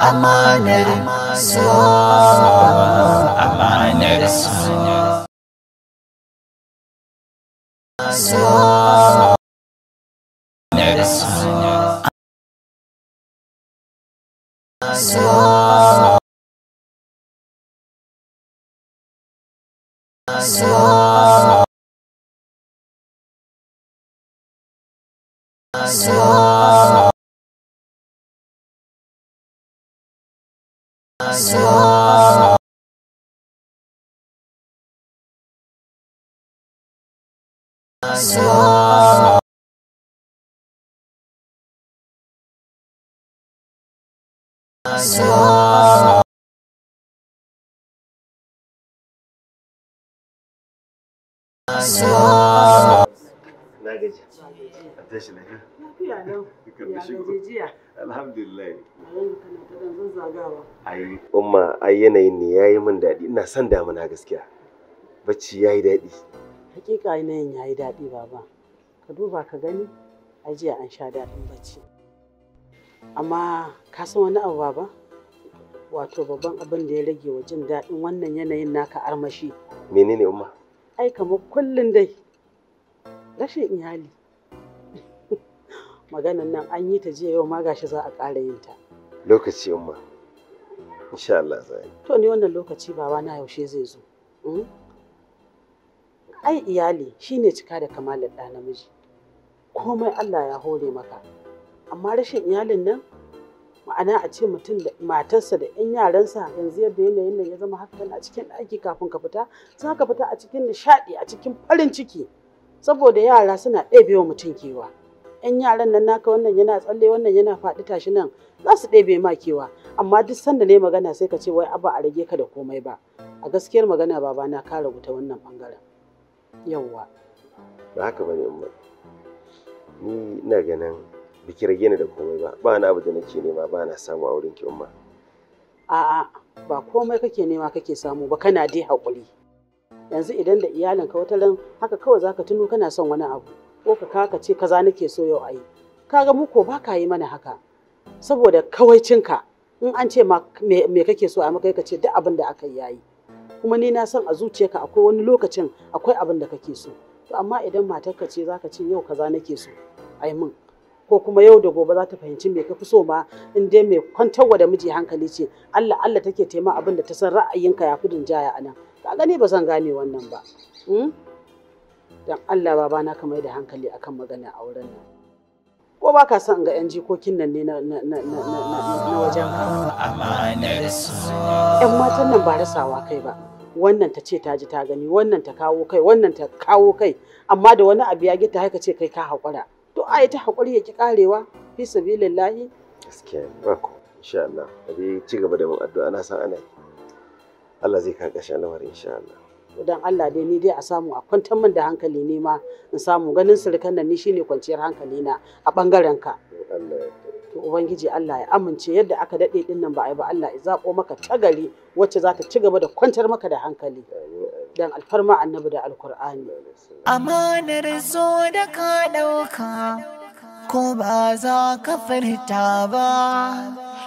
amanar so amanar so so amanar so so so so Slow. Slow. Slow. Slow. gaji. A tashi lafiya. Lafiya lau. Ya gaji jiya. Alhamdulillah. Ai, umma, ai yanayin ne ya yi min daɗi. Ina son damuna gaskiya. Bacci ya yi daɗi. Hakika yanayin ya yi daɗi, baba. Ka duba ka gani, ai jiya an sha daɗin bacci. Amma ka san wani abu, baba? Wato babban abin da ya rage wa jin daɗin wannan yanayin naka armashi. Menene umma? Ai kamar kullum dai rashin iyali maganan nan an yi ta jiya yau ma gashi za a ƙara yin ta lokaci umma insha Allah za to ni wannan lokaci baba na yaushe zai zo hmm? ai iyali shine cika da kamalar da namiji komai Allah ya hore maka amma rashin iyalin nan ma'ana a ce mutum da matarsa da 'yan yaransa yanzu yadda yanayin nan ya zama haka a cikin ɗaki kafin ka fita za ka fita a cikin nishaɗi a cikin farin ciki saboda yara suna ɗebe wa mutum kewa yan yaran nan naka wannan yana tsalle wannan yana faɗi tashi nan za su ɗebe ma kewa amma duk sanda ne magana sai ka ce wai abba a rage ka da komai ba a gaskiyar magana baba na ka rubuta wannan bangaren yawwa ba haka bane umma ni ina ganin biki rage ni da komai ba ba na abu da nake nema ba na samu a wurin ki umma a'a ba komai kake nema kake samu ba kana dai haƙuri yanzu idan da iyalinka wata ran haka kawai zaka tuno kana son wani abu ko ka kaka ce kaza nake so yau ayi kaga mu ko baka yi mana haka saboda kawaicinka in an ce me kake so a maka ka ce duk abin da aka yayi kuma ni na san a zuciyarka akwai wani lokacin akwai abin da kake so to amma idan matarka ce zaka ce yau kaza nake so ai min ko kuma yau da gobe za ta fahimci me ka fi so ma in dai mai kwantarwa da miji hankali ce Allah Allah take taimaka abin da ta san ra'ayinka ya fi jaya a nan ka gani ba zan gane wannan ba hmm? Dan allah baba na mai da hankali akan magana a wurin nan ko ba ka son ga 'yan jikokin nan ne na wajen yan matan nan ba rasawa kai ba wannan ta ce ta ji ta gani wannan ta kawo kai wannan ta kawo kai amma da wani abu ya gita haka ce kai ka haƙura to ai ta haƙuri ya ki karewa fi sabilillahi gaskiya ba ko insha Allah ci gaba da mun addu'a na san ana Allah zai kawo ƙarshen insha Allah Idan Allah dai ni dai a samu a kwantar min da hankali ne ma in samu ganin surukan nan ni shine kwanciyar hankali na a bangaren ka to ubangiji Allah ya amince yadda aka dade din nan ba ai ba Allah ya zabo maka tagari wacce za ta ci gaba da kwantar maka da hankali dan alfarma annabi da alkur'ani amanar zo da ka dauka ko ba za ka furta ba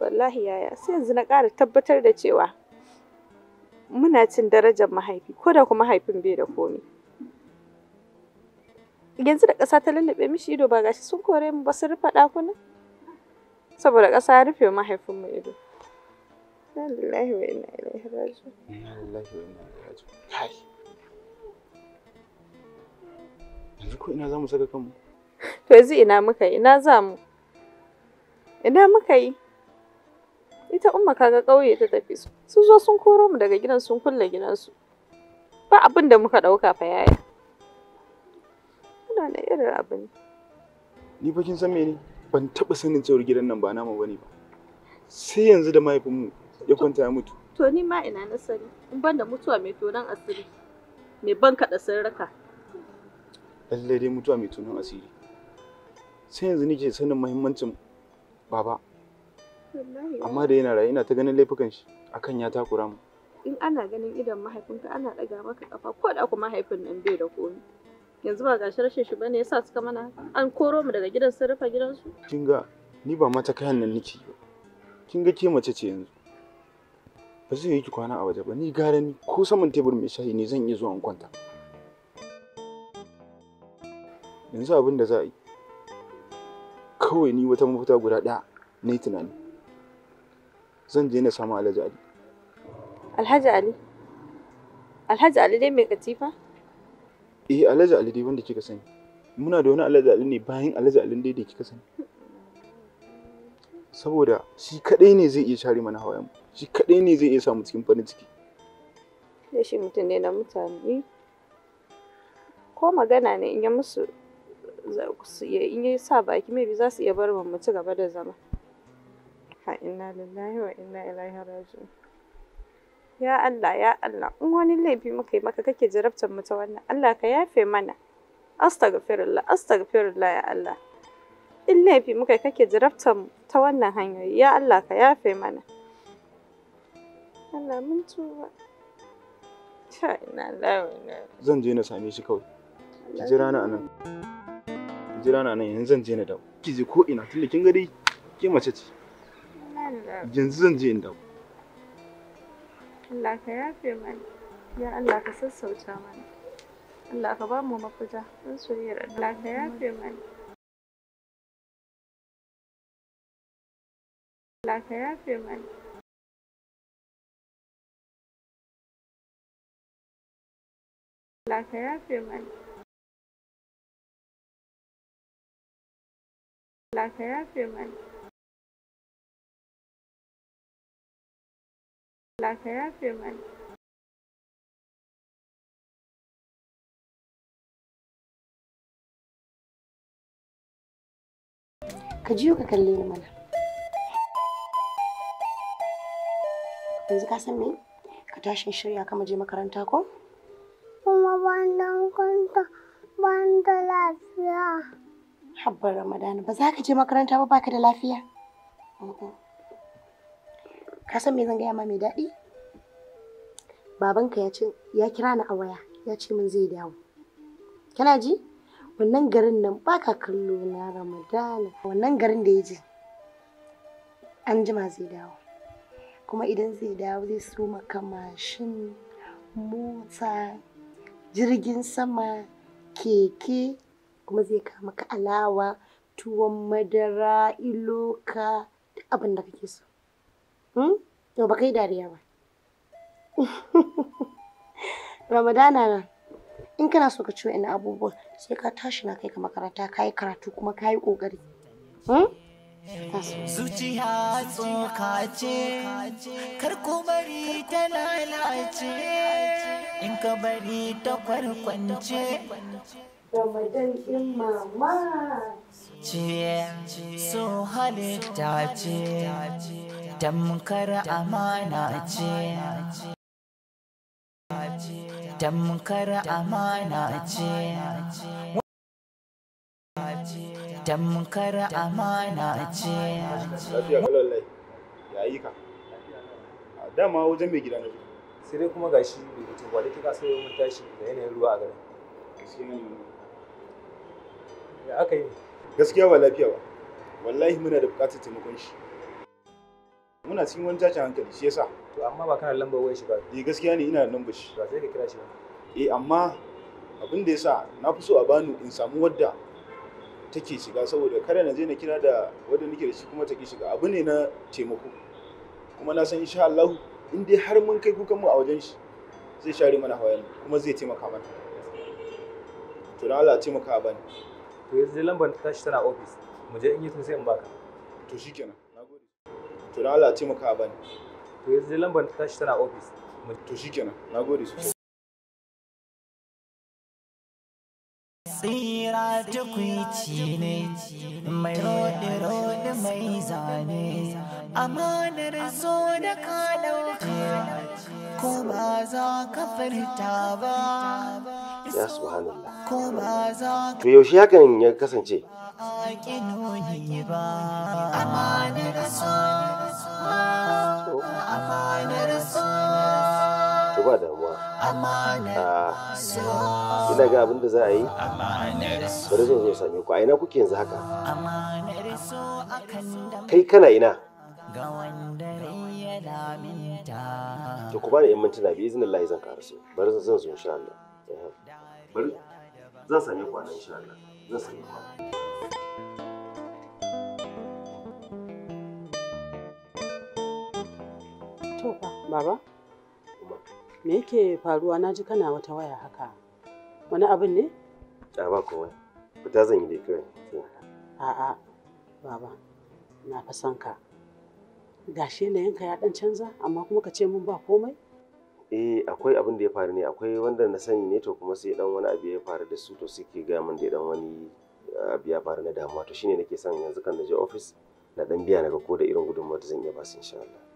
wallahi yaya sai yanzu na ƙara tabbatar da cewa muna cin darajar mahaifi ko da kuma haifin bai da komi yanzu da ƙasa ta lallaɓe mishi ido ba gashi sun kore mu ba su rufe ɗakuna saboda ƙasa ya rufe mahaifin mu ido na wa inna ilaihi raji'un na wa inna ilaihi raji'un kai yanzu ko ina za mu saka kanmu to yanzu ina muka yi ina za mu? ina muka yi ita umma kaga ƙauye ta tafi su sun zo sun koro mu daga gidan sun kulle gidansu ba abin da muka ɗauka fa yaya muna da irin abin ni fa kin san me ne ban taɓa sanin cewar gidan nan ba nama bane ba sai yanzu da mahaifinmu ya kwanta ya mutu to ni ma ina na sani in ban da mutuwa mai tonon asiri mai ban kaɗa sirrika lallai dai mutuwa mai tonon asiri sai yanzu nike sanin muhimmancin baba Eh. Amma da yana raye ina ta ganin laifukan shi akan ya takura mu. In ana ganin idan mahaifinka ana daga maka kafa ko da kuma mahaifin nan bai da komai. Yanzu ba gashi rashin shi bane yasa suka mana an koro mu daga gidan sun rufe gidansu. Kin ga ni ba mata kayan nan nake ba. Kin ga ke mace ce yanzu. Ba zai yi ki kwana a waje ba ni gara ni ko saman tebur mai shayi ne zan iya zuwa in kwanta. Yanzu abin da za a yi kawai ni wata mafita guda ɗaya na yi tunani zan je na samu alhaji ali alhaji ali alhaji ali dai mai katifa eh alhaji ali dai wanda kika sani muna da wani alhaji ali ne bayan alhaji ali dai da kika sani saboda shi kadai ne zai iya share mana hawayen shi kadai ne zai iya samu cikin farin ciki da shi mutum ne na mutane ko magana ne in ya musu in ya sa baki maybe za su iya bar mu ci gaba da zama inna lillahi wa inna ilaihi raji'un ya Allah ya Allah in wani laifi muka yi maka kake jarabtar mu ta wannan Allah ka yafe mana astaghfirullah astaghfirullah ya Allah in laifi muka kake jarabtar mu ta wannan hanyoyi ya Allah ka yafe mana Allah mun tuba zan je na same shi kawai ki jira na anan ki jira na anan yanzu zan je na da ki je ko ina tunda kin ga dai ke mace ce Allah. Yanzu zan je in Allah ka yafe mana. Ya Allah ka sassauta mana. Allah ka ba mu mafita don soyayyar Allah ka yafe mana. Allah ka yafe mana. Allah ka yafe mana. Allah ka yafe mana. Allah ka yafe mana. Ka jiyo ka kalle ni mana. Yanzu ka san me? Ka tashin shirya kama je makaranta ko? Kuma ban kwanta ban da lafiya. Habbar Ramadan ba za ka je makaranta ba baka da lafiya? ka san me zan gaya ma mai daɗi babanka ya kira ni a waya ya ce min zai dawo kana ji wannan garin nan baka kallo na ramadana wannan garin da ya ji an jima zai dawo kuma idan zai dawo zai so maka mashin mota jirgin sama keke kuma zai kama ka alawa tuwon madara iloka duk abin da kake so Hmm? to ba kai dariya ba ramadana na in kana so ka ci wa'in abubuwa, sai ka tashi na kai ka makaranta ka yi karatu kuma ka yi ƙoƙari hmm? zuciya tsoka ce kar ku bari ta lalace in ka bari ta kwarkwance ramadan in mama ce so halitta ce tamkar amana ce tamkar amana ce tamkar amana ce ka dama wajen mai gida na sai dai kuma gashi bai fito ba da kika sai mun tashi da yanayin ruwa a garin ya aka yi gaskiya ba lafiya ba wallahi muna da buƙatar taimakon shi muna cikin wani tashin hankali shi yasa to amma ba kana lambar waya shi ba eh gaskiya ne ina da lambar shi ba sai ka kira shi ba eh amma abin da yasa na fi so a bani in samu wadda take shiga saboda kada na je na kira da wadda nake da shi kuma take shiga abu ne na taimako kuma na san insha Allah in dai har mun kai kukan mu a wajen shi zai share mana hawayen kuma zai taimaka mana to dan Allah taimaka bani to yanzu lambar tashi tana office mu je in yi to sai in baka to shikenan to da Allah taimaka a bani to yanzu lambar ta tashi tana office to shikenan nagode su. tsira tukwici ne mai rode-rode mai zane amanar zo da ka ɗauka ko ba za ka furta ba ya subhanallah ko ba za ka to yaushe hakan ya kasance ba amanar zo to ba damuwa ah, ina ga abin da za a yi bari zan zo same ku a ina kuke yanzu haka kai kana ina to ku bani yan mintuna biyu izinin Allah zan karasu bari zan zo insha Allah bari zan same ku a nan insha Allah zan same ku To fa. Baba? Me yake faruwa na ji kana wata waya haka? Wani abin ne? A ba komai. Fita zan yi dai kawai. A'a, baba, na fa san ka. Gashi yanayinka ya dan canza amma kuma ka ce mun ba komai? eh akwai abin da ya faru ne akwai wanda na sani ne to kuma sai dan wani abu ya faru da su to suke ga min da dan wani eh, abu ya faru na damuwa to shine nake son yanzu kan na je office na dan biya naga ko da irin gudunmawar da zan iya ba su insha Allah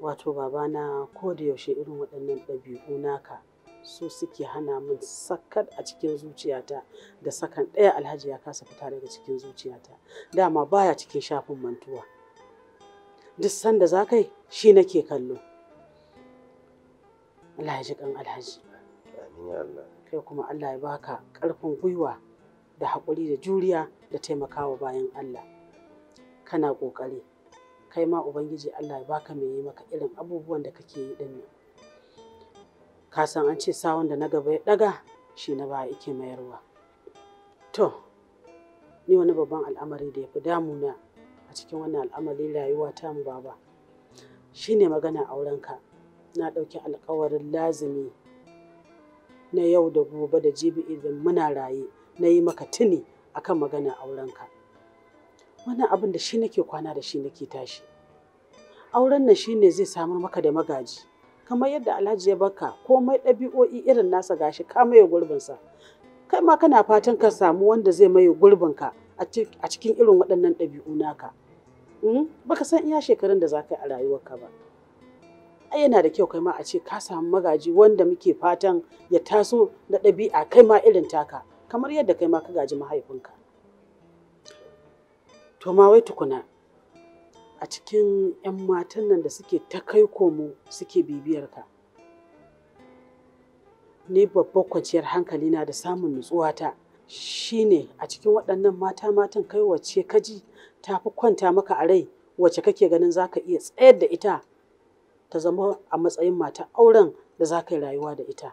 wato babana ko da yaushe irin waɗannan ɗabi'u naka su suke hana min sakat a cikin zuciyata da sakan ɗaya alhaji ya kasa fita daga cikin zuciyata dama baya cikin shafin mantuwa duk sanda za kai shi nake kallo Allah kan alhaji kai kuma Allah ya baka ƙarfin gwiwa da haƙuri da juriya da taimakawa bayan Allah kana ƙoƙari kai ma ubangiji Allah ya baka mai yi maka irin abubuwan da kake yi din nan ka san an ce sawun da na gaba ya ɗaga? shi na baya yake mayarwa to ni wani babban al'amari da ya fi damuna a cikin wannan al'amari rayuwa ta mu baba ne magana aurenka na ɗauki alkawarin lazumi na yau da gobe da jibi idan muna raye na yi maka tuni akan magana aurenka wani abin da shi nake kwana da shi nake tashi auren nan shi ne zai samar maka da magaji kamar yadda alhaji ya baka komai ɗabi'o'i irin nasa gashi ka maye gurbinsa kai ma kana fatan ka samu wanda zai maye ka a cikin irin waɗannan ɗabi'u naka hmm? baka san iya shekarun da za ka yi a rayuwarka ba ai yana da kyau kai ma a ce ka samu magaji wanda muke fatan ya taso da ɗabi'a kai ma irin taka kamar yadda kai ma ka gaji mahaifinka To ma wai tukuna a cikin 'yan matan nan da suke ta kai komo suke bibiyar ka. Ni babbar kwanciyar hankali na da samun nutsuwa ta shine a cikin waɗannan mata matan kai wacce kaji ta fi kwanta maka a rai wacce kake ganin za ka iya tsayar da ita ta zama a matsayin mata auren da za ka yi rayuwa da ita.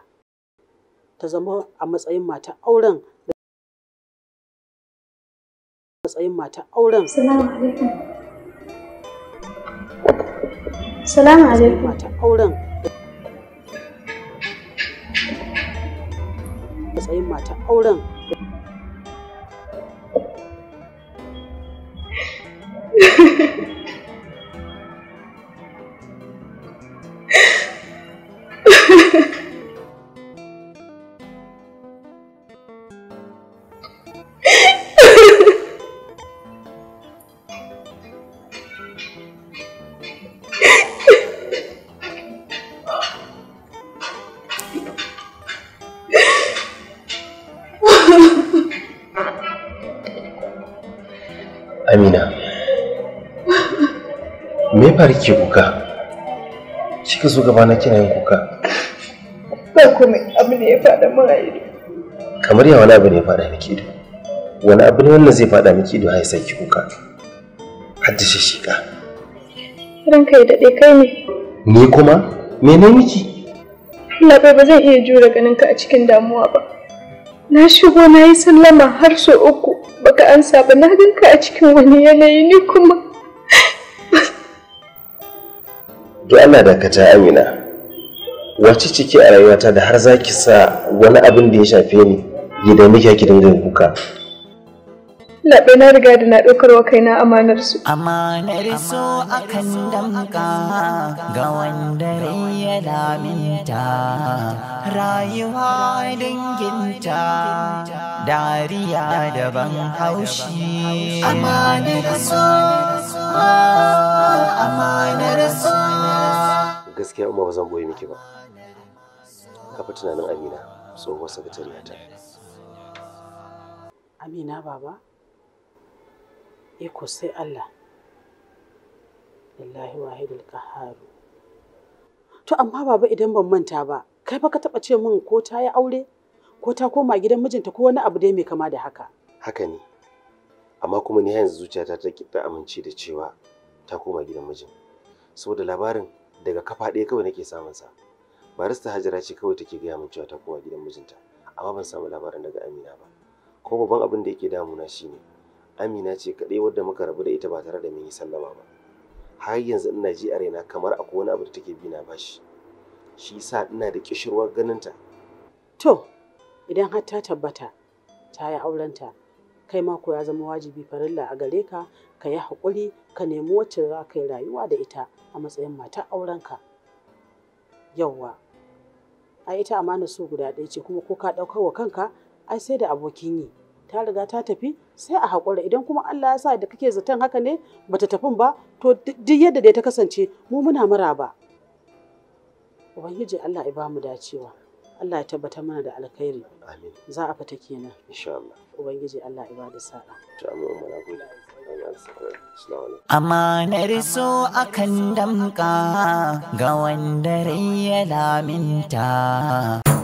Ta zama a matsayin mata auren matsayin matan auren. Salamu alaikum. Salamu alaikum. Matan auren. Matsayin matan auren. Ha ha ha. Amina, me fara ke kuka? Kika zo gaba na kina yin kuka? Ba komai abu ne ya faɗa min a ido. Kamar ya wani abu ne ya faɗa miki ido. Wani abu ne wannan zai faɗa miki ido har ya saki kuka? Hadda shi shiga. Ranka ya daɗe kai ne. Ni kuma? menene miki? Allah bai ba zan iya jure ganin ka a cikin damuwa ba. na shigo na yi sallama har sau uku baka ansa ba na ganka a cikin wani yanayi ni kuma duk ana dakata amina wace ciki a rayuwata da har zaki sa wani abin da ya shafe ni gidan dame ki ki kuka Laɓe na riga da na ɗaukar wa kaina amanar su. Amanar so akan damka ga wanda ya laminta rayuwa danginta dariya daban haushi. Amanar so amanar so. Gaskiya umar ba zan boye miki ba. Kafa tunanin Amina wasa ga ta. Amina baba. iko sai Allah lillahi wahidul qaharu to amma baba idan ban manta ba kai ba ka taba ce min ko ta yi aure ko ta koma gidan mijinta ko wani abu dai mai kama da haka haka ne amma kuma ni yanzu zuciyata ta ta amince da cewa ta koma gidan mijin saboda labarin daga kafa ɗaya kawai nake samun sa barista hajara ce kawai take gaya min cewa ta koma gidan mijinta amma ban samu labarin daga amina ba ko babban abin da yake damuna shine amina ce kaɗai wadda muka rabu da ita ba tare da mun yi sallama ba har yanzu ina ji a raina kamar akwai wani abu da take bi na bashi shi sa ina da kishirwar ganin ta to idan har ta tabbata ta yi aurenta kai ma ko ya zama wajibi farilla a gare ka ka yi haƙuri ka nemi wacce za ka yi rayuwa da ita a matsayin matar aurenka yawwa a ita amana so guda ɗaya ce kuma ko ka ɗaukar wa kanka ai sai da abokin yi ta riga ta tafi sai a haƙura idan kuma Allah ya sa da kake zaton haka ne bata tafin ba to duk yadda dai ta kasance mu muna maraba ubangiji Allah ya ba mu dacewa Allah ya tabbata mana da alkhairi amin za a fita kenan insha Allah ubangiji Allah ya ba da sa'a to amma Amanar so akan damka ga wanda rai ya laminta.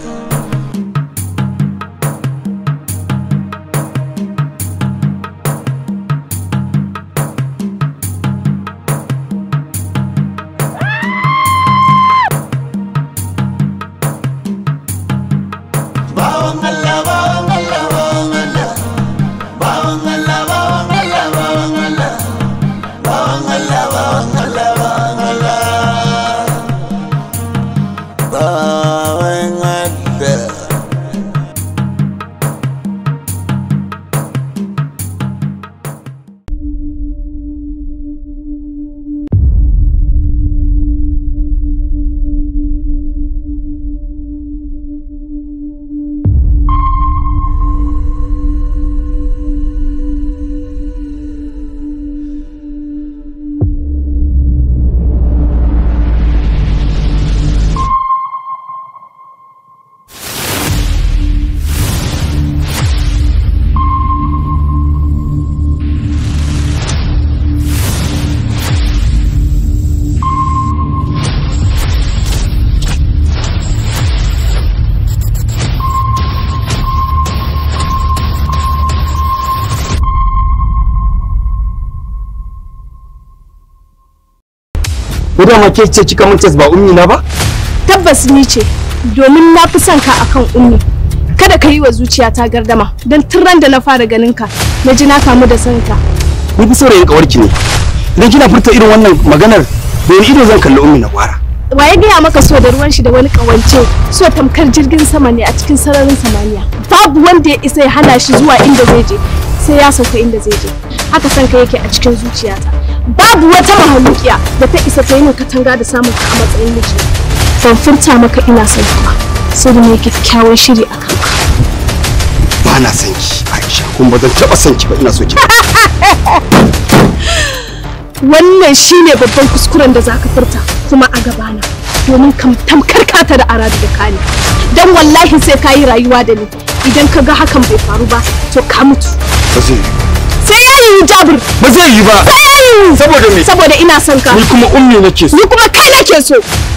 Ko da ke ce kika mun ba ummi na ba? Tabbas ni ce domin na fi son ka akan ummi. Kada ka yi wa zuciya ta gardama don tun da na fara ganin ka na ji na kamu da son ka. Ni fi saurayin ki ne. Idan kina furta irin wannan maganar da ido zan kalli ummi na kwara. Wa ya gaya maka so da ruwan shi da wani kawance so tamkar jirgin sama ne a cikin sararin samaniya. Babu wanda ya isa ya hana shi zuwa inda zai je sai ya sauka inda zai je. Haka son ka yake a cikin zuciyata. babu wata mahalukiya da ta isa ta yi min katanga da samun ka a matsayin miji ban furta maka ina son kuma sai da mai kyakkyawan shiri a kanka ba na son ki Aisha kun ba zan son ki ba ina so ki wannan shine babban kuskuren da zaka furta kuma a gabana domin ka tamkar ta da aradu da kani dan wallahi sai ka yi rayuwa da ni idan ka ga hakan bai faru ba to ka mutu ba zai yayi Jabir. Ba zai yi ba. Saboda me? Saboda ina son ka. Ni kuma ummi nake so. Ni kuma kai nake so.